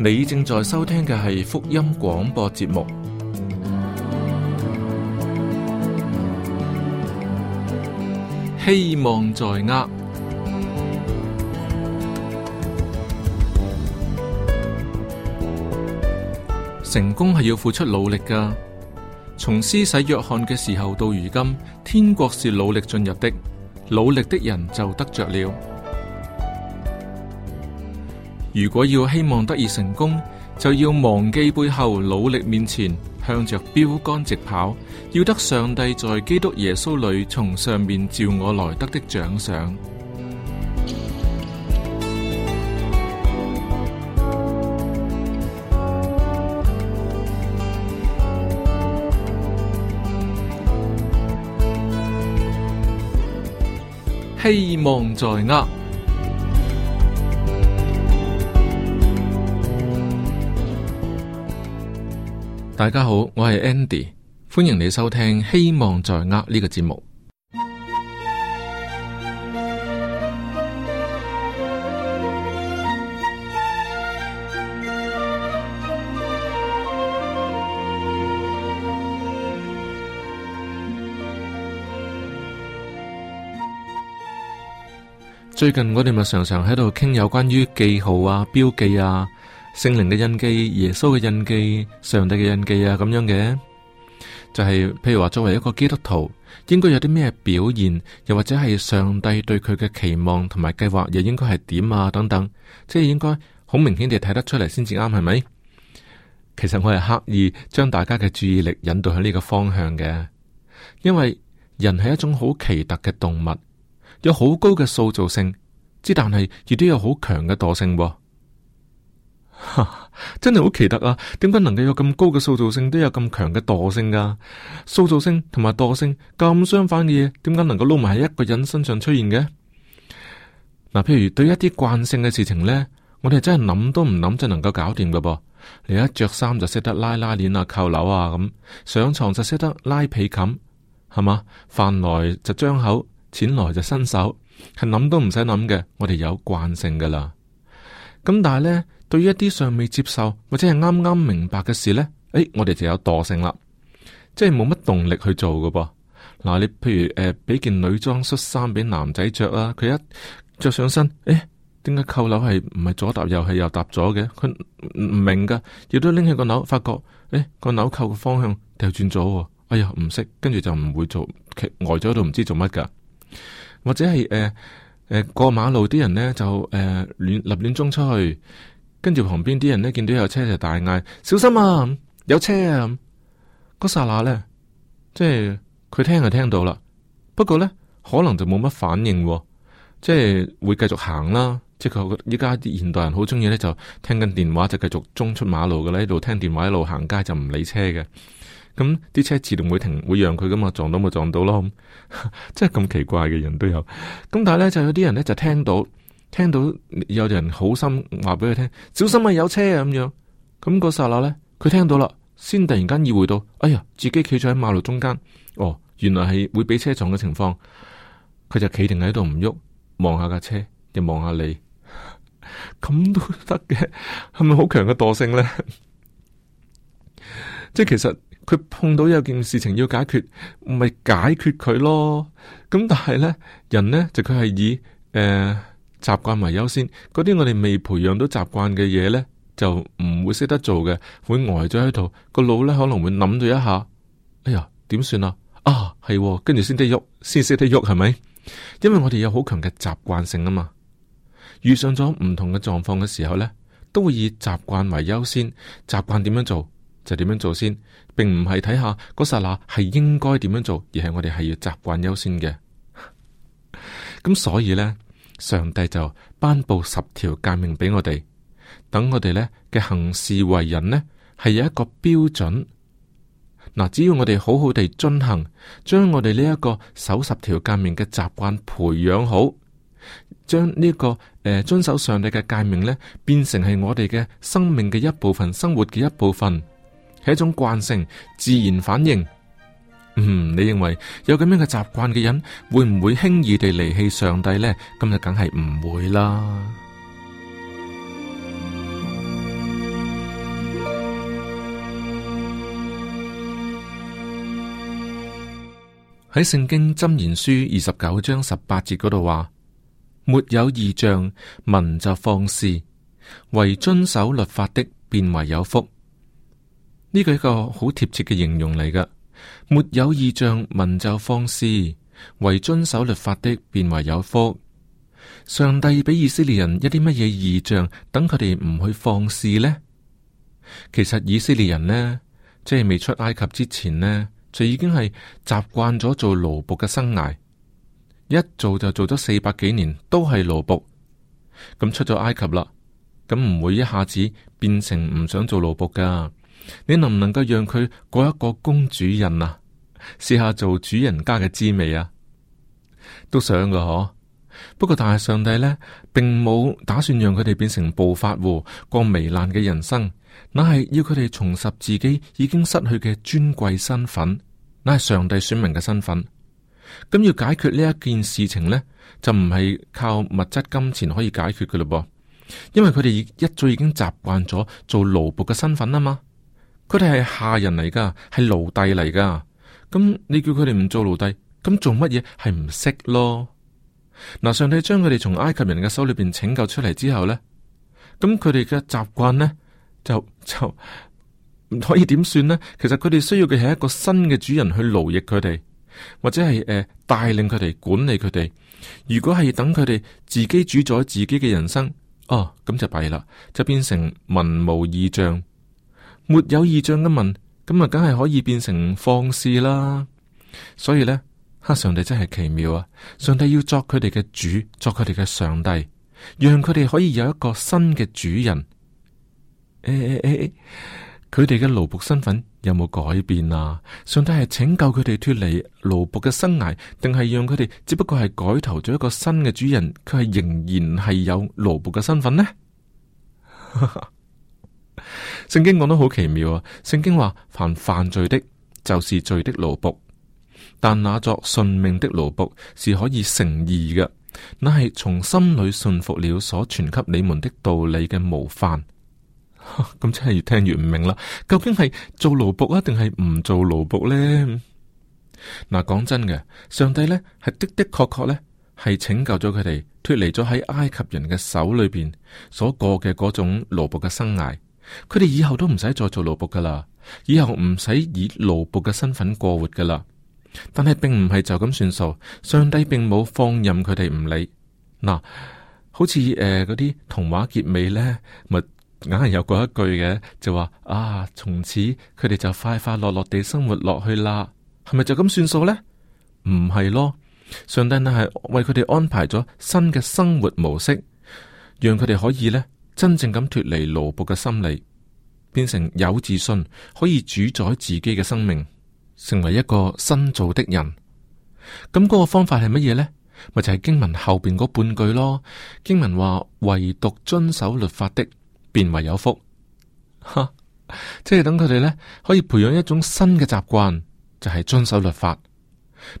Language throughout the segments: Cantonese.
你正在收聽嘅係福音廣播節目，希望在握。成功係要付出努力㗎。從施洗約翰嘅時候到如今，天國是努力進入的，努力的人就得着了。如果要希望得以成功，就要忘記背後，努力面前，向着標杆直跑。要得上帝在基督耶穌裏從上面召我來得的獎賞。希望在握。大家好，我係 Andy，歡迎你收聽《希望在握》呢個節目。最近我哋咪常常喺度傾有關於記號啊、標記啊。聖靈嘅印記、耶穌嘅印記、上帝嘅印記啊，咁樣嘅就係、是、譬如話作為一個基督徒，應該有啲咩表現，又或者係上帝對佢嘅期望同埋計劃，亦應該係點啊等等，即係應該好明顯地睇得出嚟先至啱，係咪？其實我係刻意將大家嘅注意力引導喺呢個方向嘅，因為人係一種好奇特嘅動物，有好高嘅塑造性，之但係亦都有好強嘅惰性、啊。 真係好奇特啊！點解能夠有咁高嘅塑造性，都有咁強嘅惰性噶、啊？塑造性同埋惰性咁相反嘅嘢，點解能夠撈埋喺一個人身上出現嘅？嗱、啊，譬如對一啲慣性嘅事情呢，我哋真係諗都唔諗就能夠搞掂噶噃。你一着衫就識得拉拉鏈啊、扣鈕啊咁，上床就識得拉被冚係嘛，飯來就張口，錢來就伸手，係諗都唔使諗嘅。我哋有慣性噶啦。咁、嗯、但係呢，對於一啲尚未接受或者係啱啱明白嘅事呢，誒、哎，我哋就有惰性啦，即係冇乜動力去做噶噃。嗱、呃，你譬如誒，俾、呃、件女裝恤衫俾男仔着啦，佢一着上身，誒、哎，點解扣鈕係唔係左搭右係右搭咗嘅？佢唔明噶，亦都拎起個鈕，發覺誒、哎、個鈕扣嘅方向掉轉咗。哎呀，唔識，跟住就唔會做，呆咗都唔知做乜噶。或者係誒誒過馬路啲人呢，就誒、呃、亂立亂衝出去。跟住旁邊啲人呢，見到有車就大嗌：小心啊！有車啊！嗰剎那呢，即係佢聽就聽到啦。不過呢，可能就冇乜反應、哦，即係會繼續行啦。即係佢覺得依家啲現代人好中意呢，就聽緊電話就繼續衝出馬路嘅咧，喺度聽電話一路行街就唔理車嘅。咁啲車自動會停，會讓佢噶嘛？撞到咪撞到咯？咁即係咁奇怪嘅人都有。咁但係呢，就有啲人呢，就聽到。聽到有人好心話俾佢聽，小心啊，有車啊，咁樣咁嗰剎那咧，佢聽到啦，先突然間意會到，哎呀，自己企咗喺馬路中間哦，原來係會俾車撞嘅情況，佢就企定喺度唔喐，望下架車，又望下你，咁都得嘅，係咪好強嘅惰性咧？即 係其實佢碰到有件事情要解決，唔係解決佢咯。咁但係咧，人咧就佢係以誒。呃習慣為優先，嗰啲我哋未培養到習慣嘅嘢呢，就唔會識得做嘅，會呆咗喺度。個腦呢可能會諗咗一下，哎呀，點算啊？啊，係喎，跟住先得喐，先識得喐，係咪？因為我哋有好強嘅習慣性啊嘛。遇上咗唔同嘅狀況嘅時候呢，都會以習慣為優先，習慣點樣做就點樣做先，並唔係睇下嗰剎那係應該點樣做，而係我哋係要習慣優先嘅。咁所以呢。上帝就頒布十條誡命俾我哋，等我哋呢嘅行事為人呢係有一個標準。嗱，只要我哋好好地遵行，將我哋呢一個守十條誡命嘅習慣培養好，將呢、這個誒、呃、遵守上帝嘅誡命呢變成係我哋嘅生命嘅一部分，生活嘅一部分，係一種慣性、自然反應。嗯，你認為有咁樣嘅習慣嘅人會唔會輕易地離棄上帝呢？咁就梗係唔會啦。喺《聖經箴言書》二十九章十八節嗰度話：沒有異象，民就放肆；唯遵守律法的，便為有福。呢個係一個好貼切嘅形容嚟噶。沒有異象，民就放肆；為遵守律法的，便為有福。上帝俾以色列人一啲乜嘢異象，等佢哋唔去放肆呢？其實以色列人呢，即係未出埃及之前呢，就已經係習慣咗做奴僕嘅生涯，一做就做咗四百幾年，都係奴僕。咁出咗埃及啦，咁唔會一下子變成唔想做奴僕噶。你能唔能夠讓佢過一個公主人啊？試下做主人家嘅滋味啊，都想噶。嗬。不過，但係上帝咧，並冇打算讓佢哋變成暴發戶，過糜爛嘅人生。乃係要佢哋重拾自己已經失去嘅尊貴身份，乃係上帝選民嘅身份。咁要解決呢一件事情咧，就唔係靠物質金錢可以解決噶咯噃。因為佢哋一早已經習慣咗做奴僕嘅身份啊嘛。佢哋係下人嚟噶，係奴隸嚟噶。咁你叫佢哋唔做奴隸，咁做乜嘢？係唔識咯。嗱，上帝將佢哋從埃及人嘅手裏邊拯救出嚟之後呢，咁佢哋嘅習慣呢，就就可以點算呢？其實佢哋需要嘅係一個新嘅主人去奴役佢哋，或者係誒帶領佢哋管理佢哋。如果係等佢哋自己主宰自己嘅人生，哦咁就弊啦，就變成文無異象。沒有異象嘅問，咁啊，梗係可以變成放肆啦。所以呢，哈，上帝真係奇妙啊！上帝要作佢哋嘅主，作佢哋嘅上帝，讓佢哋可以有一個新嘅主人。誒誒誒，佢哋嘅奴僕身份有冇改變啊？上帝係拯救佢哋脱離奴僕嘅生涯，定係讓佢哋只不過係改投咗一個新嘅主人，佢係仍然係有奴僕嘅身份呢？ 聖經講得好奇妙啊！聖經話，犯犯罪的，就是罪的奴僕；但那作順命的奴僕，是可以成義嘅。那係從心裏順服了所傳給你們的道理嘅模範。咁真係越聽越唔明啦。究竟係做奴僕啊，定係唔做奴僕呢？嗱、呃，講真嘅，上帝呢，係的的確確呢係拯救咗佢哋脫離咗喺埃及人嘅手裏邊所過嘅嗰種奴僕嘅生涯。佢哋以後都唔使再做奴僕噶啦，以後唔使以奴僕嘅身份過活噶啦。但係並唔係就咁算數，上帝並冇放任佢哋唔理。嗱，好似誒嗰啲童話結尾呢，咪硬係有過一句嘅，就話啊，從此佢哋就快快樂樂地生活落去啦。係咪就咁算數呢？唔係咯，上帝係為佢哋安排咗新嘅生活模式，讓佢哋可以呢。真正咁脱離蘿卜嘅心理，變成有自信可以主宰自己嘅生命，成為一個新造的人。咁嗰個方法係乜嘢呢？咪就係經文後邊嗰半句咯。經文話：唯獨遵守律法的，變為有福。哈！即係等佢哋呢，可以培養一種新嘅習慣，就係遵守律法。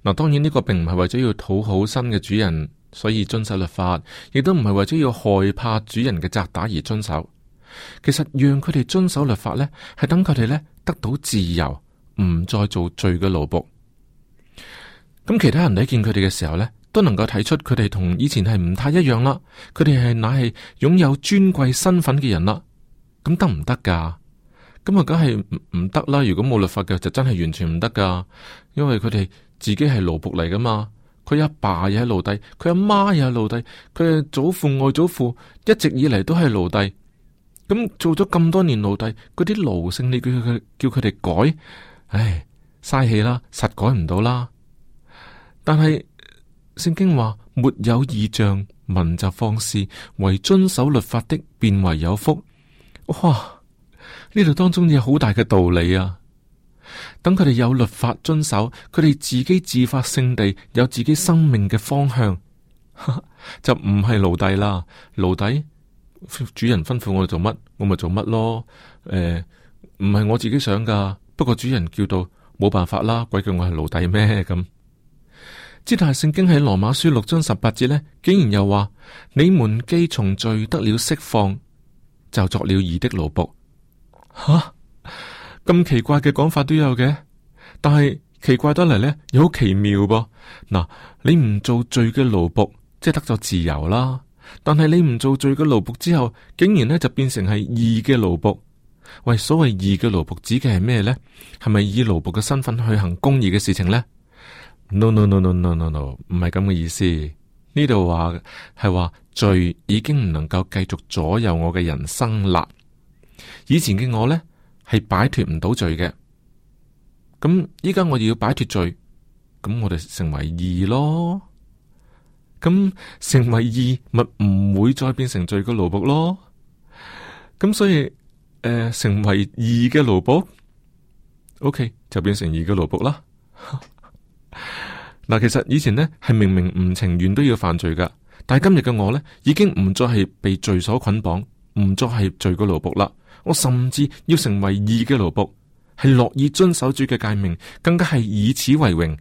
嗱，當然呢個並唔係為咗要討好新嘅主人。所以遵守律法，亦都唔係為咗要害怕主人嘅責打而遵守。其實讓佢哋遵守律法呢，係等佢哋呢得到自由，唔再做罪嘅奴僕。咁其他人睇見佢哋嘅時候呢，都能夠睇出佢哋同以前係唔太一樣啦。佢哋係乃係擁有尊貴身份嘅人啦。咁得唔得噶？咁啊，梗係唔得啦。如果冇律法嘅就真係完全唔得噶，因為佢哋自己係奴僕嚟噶嘛。佢阿爸又係奴隸，佢阿媽又係奴隸，佢祖，祖父、外祖父一直以嚟都係奴隸。咁做咗咁多年奴隸，嗰啲奴性你叫佢叫佢哋改，唉，嘥氣啦，實改唔到啦。但係聖經話，沒有異象，民就放肆，為遵守律法的便為有福。哇，呢度當中有好大嘅道理啊！等佢哋有律法遵守，佢哋自己自發性地有自己生命嘅方向， 就唔係奴隸啦。奴隸，主人吩咐我哋做乜，我咪做乜咯。誒、呃，唔係我自己想噶，不過主人叫到，冇辦法啦。鬼叫我係奴隸咩咁？之 但係聖經喺羅馬書六章十八節呢，竟然又話你們既從罪得了釋放，就作了義的奴僕。吓！ 咁奇怪嘅講法都有嘅，但係奇怪得嚟、哦、呢，又好奇妙噃。嗱，你唔做罪嘅奴僕，即係得咗自由啦。但係你唔做罪嘅奴僕之後，竟然呢就變成係義嘅奴僕。喂，所謂義嘅奴僕指嘅係咩呢？係咪以奴僕嘅身份去行公義嘅事情呢？No no no no no no no，唔係咁嘅意思。呢度話係話罪已經唔能夠繼續左右我嘅人生啦。以前嘅我呢。係擺脫唔到罪嘅，咁依家我哋要擺脫罪，咁我哋成為義咯，咁成為義，咪唔會再變成罪嘅奴僕咯，咁所以誒、呃、成為義嘅奴僕 OK 就變成義嘅奴僕啦。嗱， 其實以前呢係明明唔情願都要犯罪噶，但係今日嘅我呢，已經唔再係被罪所捆綁，唔再係罪嘅奴僕啦。我甚至要成為義嘅奴僕，係樂意遵守主嘅誡命，更加係以此為榮。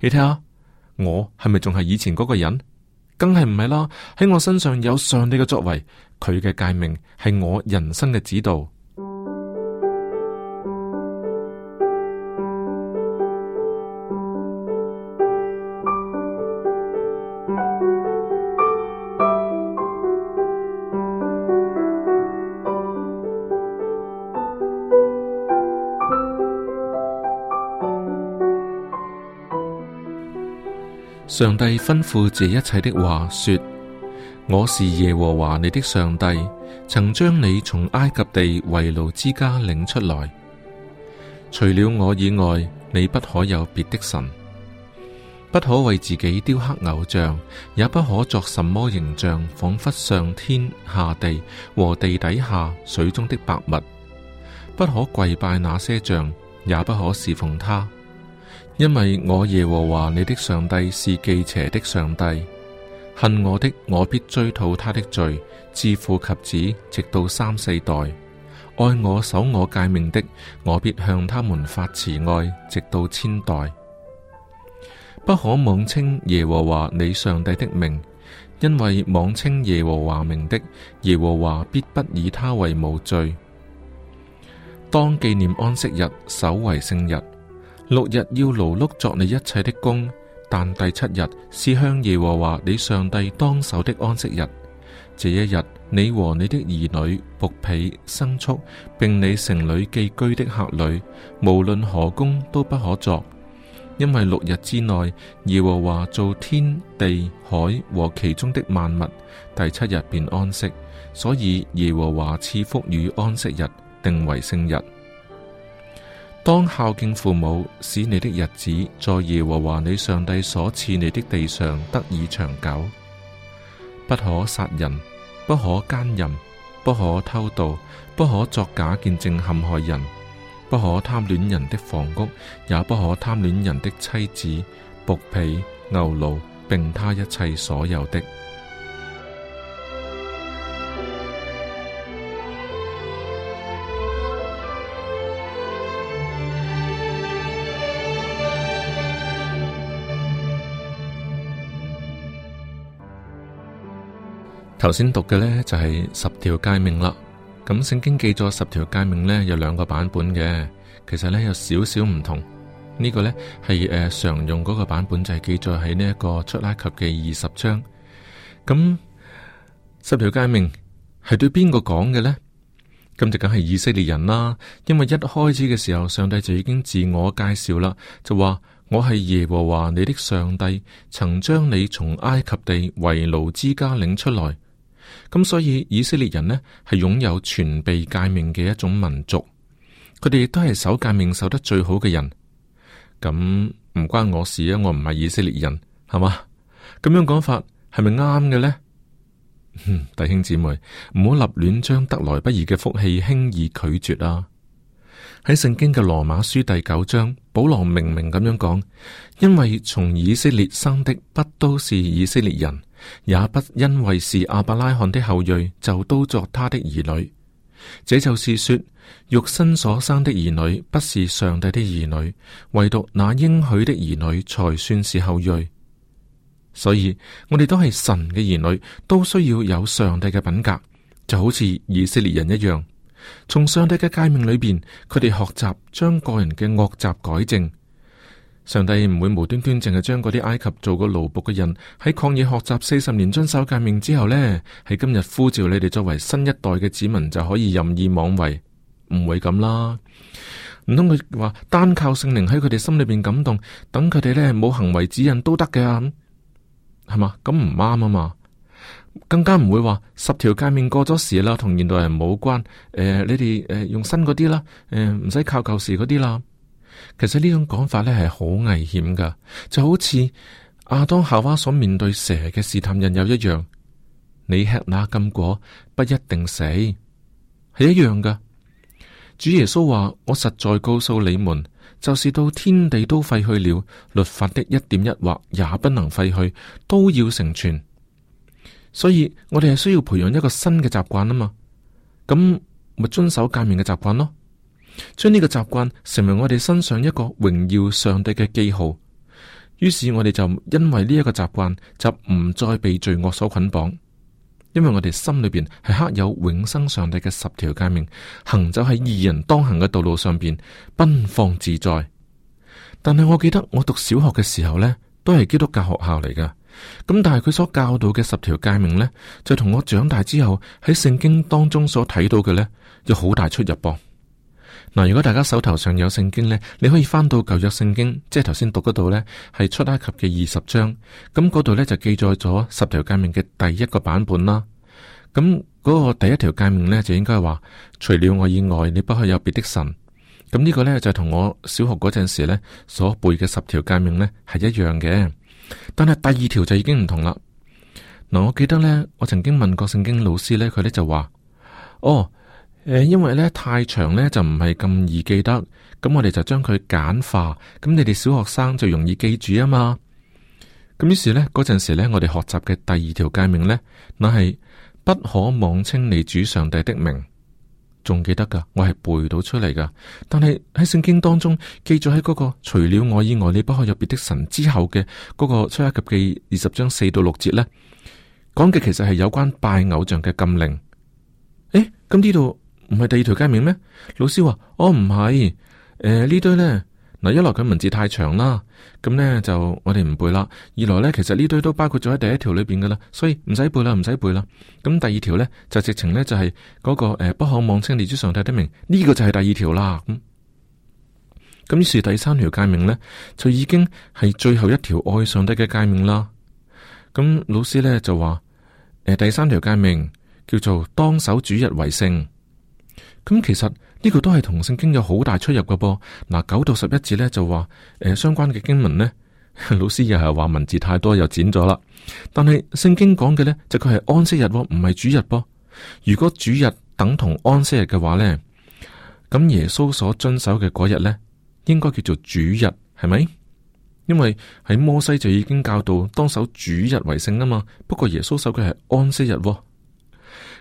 你睇下，我係咪仲係以前嗰個人？梗係唔係啦。喺我身上有上帝嘅作為，佢嘅誡命係我人生嘅指導。上帝吩咐這一切的話說：我是耶和華你的上帝，曾將你從埃及地為奴之家領出來。除了我以外，你不可有別的神，不可為自己雕刻偶像，也不可作什麼形象，仿佛上天下地和地底下水中的百物，不可跪拜那些像，也不可侍奉他。因為我耶和華你的上帝是忌邪的上帝，恨我的我必追討他的罪，自父及子，直到三四代；愛我守我誡命的，我必向他們發慈愛，直到千代。不可妄稱耶和華你上帝的名，因為妄稱耶和華名的，耶和華必不以他為無罪。當紀念安息日，守為聖日。六日要勞碌作你一切的工，但第七日是向耶和華你上帝當守的安息日。這一日，你和你的兒女、僕婢、牲畜，並你城裏寄居的客旅，無論何工都不可作，因為六日之內，耶和華造天地海和其中的萬物，第七日便安息，所以耶和華賜福與安息日，定為聖日。當孝敬父母，使你的日子在耶和華你上帝所賜你的地上得以長久。不可殺人，不可姦淫，不可偷盜，不可作假見證陷害人，不可貪戀人的房屋，也不可貪戀人的妻子，僕婢、牛驢，並他一切所有的。頭先讀嘅呢，就係、是、十條誡命啦。咁、嗯、聖經記咗十條誡命呢，有兩個版本嘅，其實呢，有少少唔同。呢、這個呢，係誒、呃、常用嗰個版本，就係、是、記載喺呢一個出埃及記二十章。咁、嗯、十條誡命係對邊個講嘅呢？咁、嗯、就梗係以色列人啦。因為一開始嘅時候，上帝就已經自我介紹啦，就話我係耶和華你的上帝，曾將你從埃及地為奴之家領出來。咁、嗯、所以以色列人呢係擁有全備誡命嘅一種民族，佢哋亦都係守誡命守得最好嘅人。咁、嗯、唔關我事啊，我唔係以色列人，係嘛？咁樣講法係咪啱嘅呢？哼，弟兄姊妹唔好立亂將得來不易嘅福氣輕易拒絕啊！喺聖經嘅羅馬書第九章，保羅明明咁樣講，因為從以色列生的不都是以色列人。也不因為是亞伯拉罕的後裔就都作他的兒女，這就是說，肉身所生的兒女不是上帝的兒女，唯獨那應許的兒女才算是後裔。所以我哋都係神嘅兒女，都需要有上帝嘅品格，就好似以色列人一樣，從上帝嘅誡命裏邊，佢哋學習將個人嘅惡習改正。上帝唔會無端端淨係將嗰啲埃及做個奴僕嘅人喺曠野學習四十年遵守誡命之後呢，喺今日呼召你哋作為新一代嘅子民就可以任意妄為，唔會咁啦。唔通佢話單靠聖靈喺佢哋心裏邊感動，等佢哋呢冇行為指引都得嘅啊？係嘛？咁唔啱啊嘛！更加唔會話十條誡命過咗時啦，同現代人冇關。誒、呃，你哋誒、呃、用新嗰啲啦，誒唔使靠舊時嗰啲啦。其實呢種講法咧係好危險噶，就好似亞當夏娃所面對蛇嘅試探人有一樣，你吃那禁果不一定死，係一樣噶。主耶穌話：我實在告訴你們，就是到天地都廢去了，律法的一點一畫也不能廢去，都要成全。所以我哋係需要培養一個新嘅習慣啊嘛，咁咪遵守誡命嘅習慣咯。將呢個習慣成為我哋身上一個榮耀上帝嘅記號，於是我哋就因為呢一個習慣就唔再被罪惡所捆綁，因為我哋心裏邊係刻有永生上帝嘅十條誡命，行走喺二人當行嘅道路上邊，奔放自在。但係我記得我讀小學嘅時候呢，都係基督教學校嚟噶，咁但係佢所教導嘅十條誡命呢，就同我長大之後喺聖經當中所睇到嘅呢，有好大出入噃。嗱，如果大家手頭上有聖經呢，你可以翻到舊約聖經，即係頭先讀嗰度呢，係出埃及嘅二十章，咁嗰度呢，就記載咗十條誡命嘅第一個版本啦。咁嗰個第一條誡命呢，就應該話，除了我以外，你不可以有別的神。咁呢個呢，就同我小學嗰陣時呢所背嘅十條誡命呢，係一樣嘅，但係第二條就已經唔同啦。嗱，我記得呢，我曾經問過聖經老師呢，佢呢就話，哦。誒，因為咧太長咧就唔係咁易記得，咁我哋就將佢簡化，咁你哋小學生就容易記住啊嘛。咁於是呢，嗰陣時呢，我哋學習嘅第二條誡命呢，那係不可妄稱你主上帝的名，仲記得噶，我係背到出嚟噶。但係喺聖經當中記咗喺嗰個除了我以外你不可有別的神之後嘅嗰個出埃及記二十章四到六節呢，講嘅其實係有關拜偶像嘅禁令。誒，咁呢度。唔係第二條誡命咩？老師話哦，唔係誒呢堆呢，嗱，一來佢文字太長啦，咁呢就我哋唔背啦；二來呢，其實呢堆都包括咗喺第一條裏邊噶啦，所以唔使背啦，唔使背啦。咁第二條呢，就直情呢、那個，就係嗰個誒不可妄稱列主上帝的名呢、這個就係第二條啦。咁、嗯、咁於是第三條誡命呢，就已經係最後一條愛上帝嘅誡命啦。咁老師呢，就話誒、呃、第三條誡命，叫做當守主日為聖。咁其實呢、這個都係同聖經有好大出入嘅噃。嗱，九到十一節呢就話誒、呃、相關嘅經文呢，老師又係話文字太多又剪咗啦，但係聖經講嘅呢，就佢、是、係安息日唔係主日噃。如果主日等同安息日嘅話呢，咁耶穌所遵守嘅嗰日呢，應該叫做主日係咪？因為喺摩西就已經教導當守主日為聖啊嘛，不過耶穌守嘅係安息日。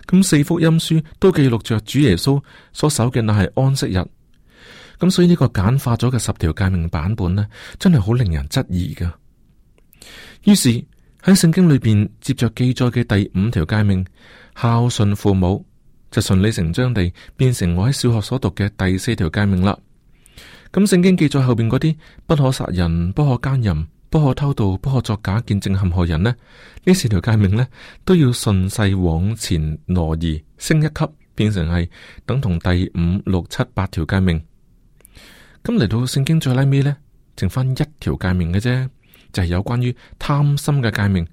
咁四福音書都記錄着主耶穌所守嘅乃係安息日，咁所以呢個簡化咗嘅十條誡命版本呢，真係好令人質疑噶。於是喺聖經裏邊接着記載嘅第五條誡命孝順父母，就順理成章地變成我喺小學所讀嘅第四條誡命啦。咁聖經記載後邊嗰啲不可殺人，不可姦淫。不可偷盜，不可作假見證，陷害人呢，呢四條誡命呢，都要順勢往前挪移，升一級，變成係等同第五、六、七、八條誡命。咁嚟到聖經最拉尾呢，剩翻一條誡命嘅啫，就係、是、有關於貪心嘅誡命。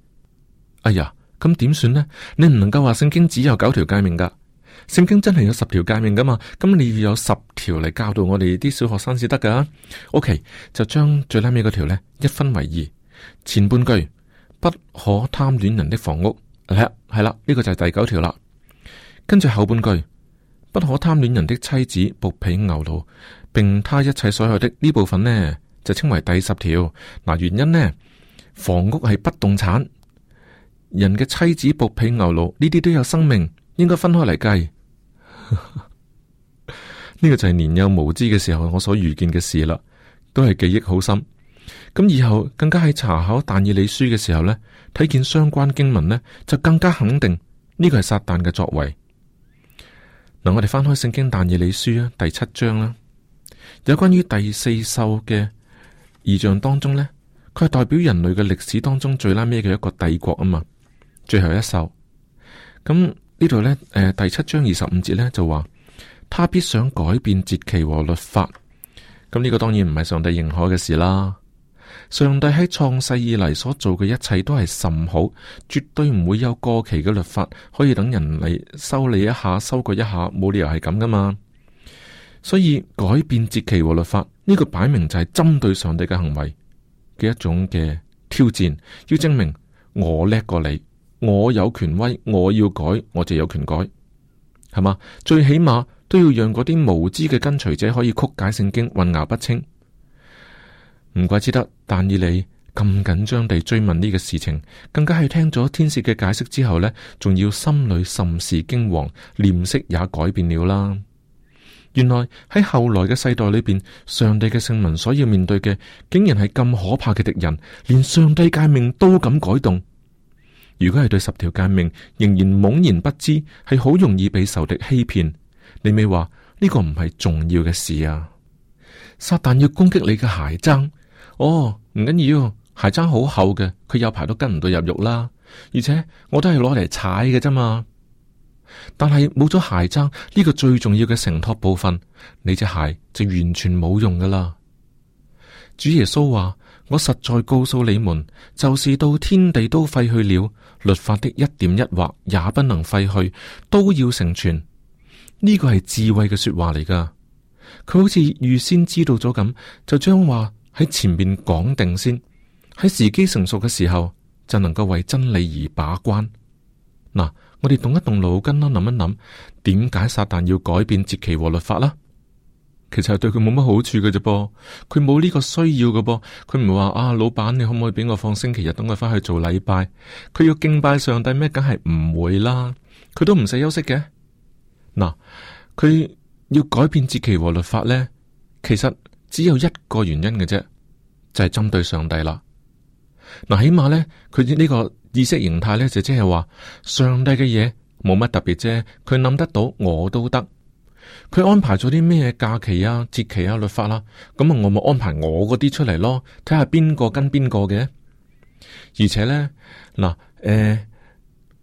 哎呀，咁點算呢？你唔能夠話聖經只有九條誡命噶。《聖經》真係有十條誡命噶嘛？咁你要有十條嚟教導我哋啲小學生先得噶。O、okay, K，就將最拉尾嗰條呢，一分為二，前半句不可貪戀人的房屋，係啦係啦，呢個就係第九條啦。跟住後半句不可貪戀人的妻子、僕婢、牛奴，並他一切所有的呢部分呢，就稱為第十條。嗱，原因呢：房屋係不動產，人嘅妻子、僕婢、牛奴呢啲都有生命。應該分開嚟計，呢 個就係年幼無知嘅時候我所遇見嘅事啦，都係記憶好深。咁以後更加喺查考但以理書嘅時候呢，睇見相關經文呢，就更加肯定呢個係撒旦嘅作為。嗱，我哋翻開聖經但以理書啊，第七章啦，有關於第四獸嘅異象當中呢，佢係代表人類嘅歷史當中最孻尾嘅一個帝國啊嘛，最後一獸咁。呢度呢，誒，第七章二十五節呢，就話，他必想改變節期和律法。咁呢個當然唔係上帝認可嘅事啦。上帝喺創世以嚟所做嘅一切都係甚好，絕對唔會有過期嘅律法可以等人嚟修理一下、修改一下，冇理由係咁㗎嘛。所以改變節期和律法呢，呢個擺明就係針對上帝嘅行為嘅一種嘅挑戰，要證明我叻過你。我有權威，我要改，我就有權改，係嘛？最起碼都要讓嗰啲無知嘅跟隨者可以曲解聖經，混淆不清。唔怪之得，但以理咁緊張地追問呢個事情，更加係聽咗天使嘅解釋之後呢，仲要心裡甚是驚惶，臉色也改變了啦。原來喺後來嘅世代裏邊，上帝嘅聖民所要面對嘅，竟然係咁可怕嘅敵人，連上帝誡命都敢改動。如果係對十條誡命仍然懵然不知，係好容易被仇敵欺騙。你咪話呢個唔係重要嘅事啊！撒旦要攻擊你嘅鞋踭，哦，唔緊要，鞋踭好厚嘅，佢有排都跟唔到入肉啦。而且我都係攞嚟踩嘅啫嘛。但係冇咗鞋踭呢個最重要嘅承托部分，你隻鞋就完全冇用噶啦。主耶穌話。我實在告訴你們，就是到天地都廢去了，律法的一點一劃也不能廢去，都要成全。呢個係智慧嘅說話嚟噶。佢好似預先知道咗咁，就將話喺前面講定先，喺時機成熟嘅時候就能夠為真理而把關。嗱，我哋動一動腦筋啦，諗一諗，點解撒旦要改變節期和律法啦？其實係對佢冇乜好處嘅啫噃，佢冇呢個需要嘅噃，佢唔係話啊，老闆你可唔可以俾我放星期日等佢翻去做禮拜？佢要敬拜上帝咩？梗係唔會啦，佢都唔使休息嘅。嗱，佢要改變節期和律法咧，其實只有一個原因嘅啫，就係針對上帝啦。嗱，起碼咧，佢呢個意識形態咧就即係話，上帝嘅嘢冇乜特別啫，佢諗得到我都得。佢安排咗啲咩假期啊、節期啊、律法啦，咁啊，我咪安排我嗰啲出嚟咯，睇下邊個跟邊個嘅。而且咧嗱，誒、欸，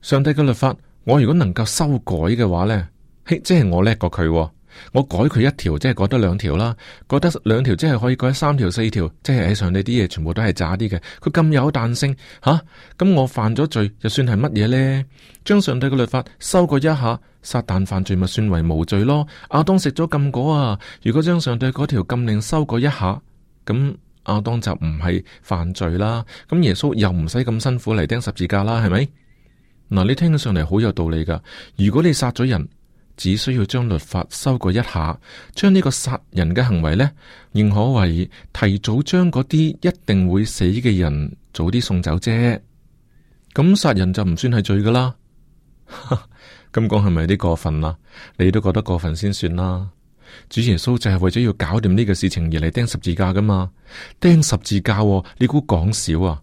上帝嘅律法，我如果能夠修改嘅話咧，嘿，即係我叻過佢。我改佢一條改條，即係改得兩條啦，改得兩條，即係可以改三條、四條，即係喺上帝啲嘢，全部都係渣啲嘅。佢咁有彈性吓，咁、啊、我犯咗罪，又算係乜嘢呢？將上帝嘅律法修改一下，撒但犯罪咪算為無罪咯？阿當食咗禁果啊，如果將上帝嗰條禁令修改一下，咁阿當就唔係犯罪啦。咁耶穌又唔使咁辛苦嚟釘十字架啦，係咪？嗱，你聽起上嚟好有道理噶。如果你殺咗人，只需要將律法修改一下，將呢個殺人嘅行為咧，認可為提早將嗰啲一定會死嘅人早啲送走啫。咁殺人就唔算係罪噶啦。咁講係咪有啲過分啊？你都覺得過分先算啦。主耶穌就係為咗要搞掂呢個事情而嚟釘十字架噶嘛？釘十字架，啊，你估講少啊？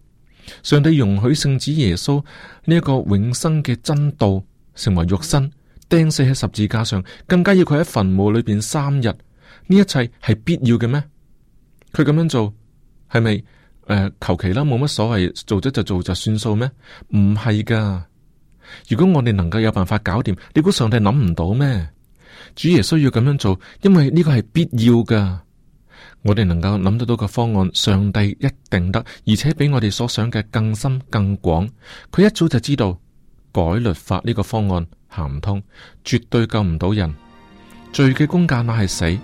上帝容許聖子耶穌呢一個永生嘅真道成為肉身。釘死喺十字架上，更加要佢喺墳墓裏邊三日。呢一切係必要嘅咩？佢咁樣做係咪誒？求其啦，冇乜所謂，做咗就做就算數咩？唔係㗎。如果我哋能夠有辦法搞掂，你估上帝諗唔到咩？主耶穌要咁樣做，因為呢個係必要㗎。我哋能夠諗得到個方案，上帝一定得，而且比我哋所想嘅更深更廣。佢一早就知道改律法呢個方案，行唔通，絕對救唔到人。罪嘅工價乃係死。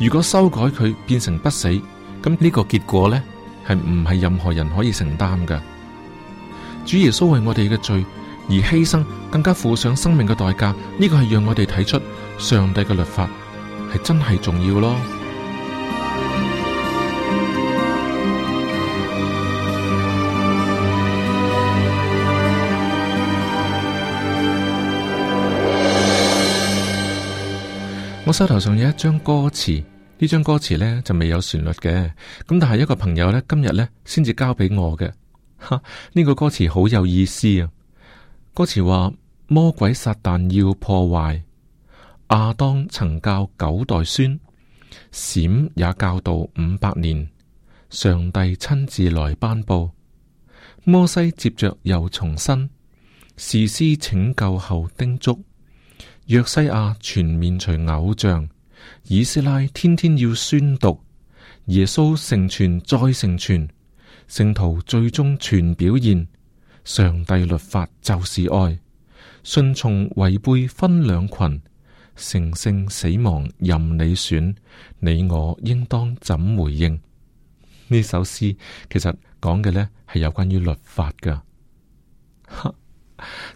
如果修改佢變成不死，咁呢個結果呢，係唔係任何人可以承擔嘅？主耶穌為我哋嘅罪而犧牲，更加付上生命嘅代價。呢個係讓我哋睇出上帝嘅律法係真係重要咯。我手頭上有一張歌詞，呢張歌詞呢就未有旋律嘅，咁但係一個朋友呢，今日呢先至交俾我嘅，哈，呢個歌詞好有意思啊！歌詞話魔鬼撒旦要破壞，亞當曾教九代孫，閃也教導五百年，上帝親自來頒布，摩西接着又重申：「士師拯救後叮囑。約西亞全面除偶像，以斯拉天天要宣讀，耶穌成全再成全，聖徒最終全表現，上帝律法就是愛，信從違背分兩群，成聖死亡任你選，你我應當怎回應？呢首詩其實講嘅咧係有關於律法噶。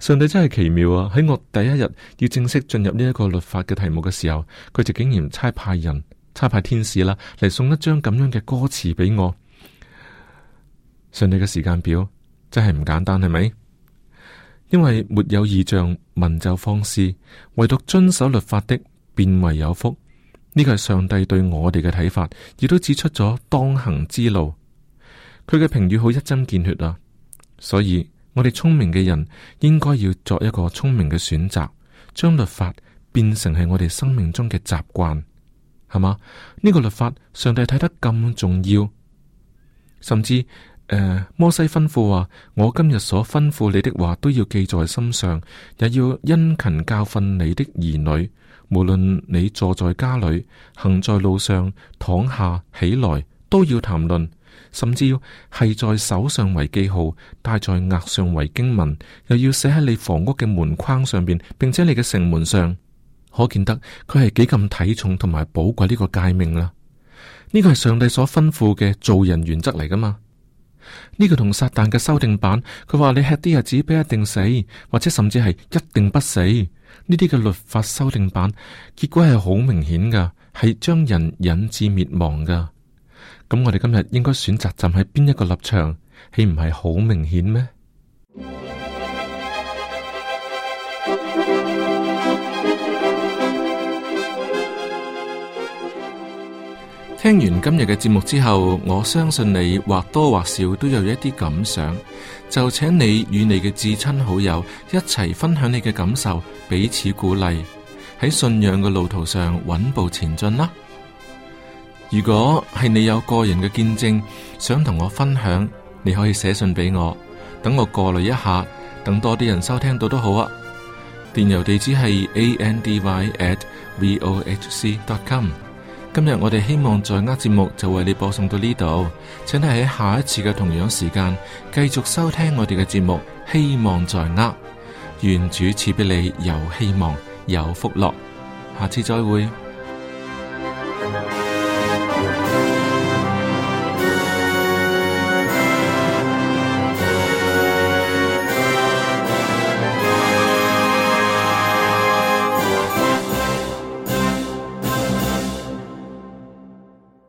上帝真係奇妙啊！喺我第一日要正式進入呢一個律法嘅題目嘅時候，佢就竟然差派人、差派天使啦，嚟送一張咁樣嘅歌詞俾我。上帝嘅時間表真係唔簡單，係咪？因為沒有異象，民就放肆，唯獨遵守律法的，變為有福。呢個係上帝對我哋嘅睇法，亦都指出咗當行之路。佢嘅評語好一針見血啊！所以。我哋聰明嘅人應該要作一個聰明嘅選擇，將律法變成係我哋生命中嘅習慣，係嘛？呢、這個律法上帝睇得咁重要，甚至誒、呃、摩西吩咐話：我今日所吩咐你的話都要記在心上，也要殷勤教訓你的兒女，無論你坐在家裏、行在路上、躺下起來，都要談論。甚至要繫在手上為記號，戴在額上為經文，又要寫喺你房屋嘅門框上邊，並且你嘅城門上，可見得佢係幾咁睇重同埋寶貴呢個誡命啦。呢、這個係上帝所吩咐嘅做人原則嚟噶嘛？呢、這個同撒旦嘅修訂版，佢話你吃啲日子不一定死，或者甚至係一定不死，呢啲嘅律法修訂版，結果係好明顯噶，係將人引致滅亡噶。咁我哋今日應該選擇站喺邊一個立場，係唔係好明顯咩？聽完今日嘅節目之後，我相信你或多或少都有一啲感想，就請你與你嘅至親好友一齊分享你嘅感受，彼此鼓勵，喺信仰嘅路途上穩步前進啦。如果係你有個人嘅見證，想同我分享，你可以寫信俾我，等我過濾一下，等多啲人收聽到都好啊。電郵地址係 a n d y at v o h c dot com。今日我哋希望在握節目就為你播送到呢度，請你喺下一次嘅同樣時間繼續收聽我哋嘅節目。希望在握，願主賜俾你有希望有福樂。下次再會。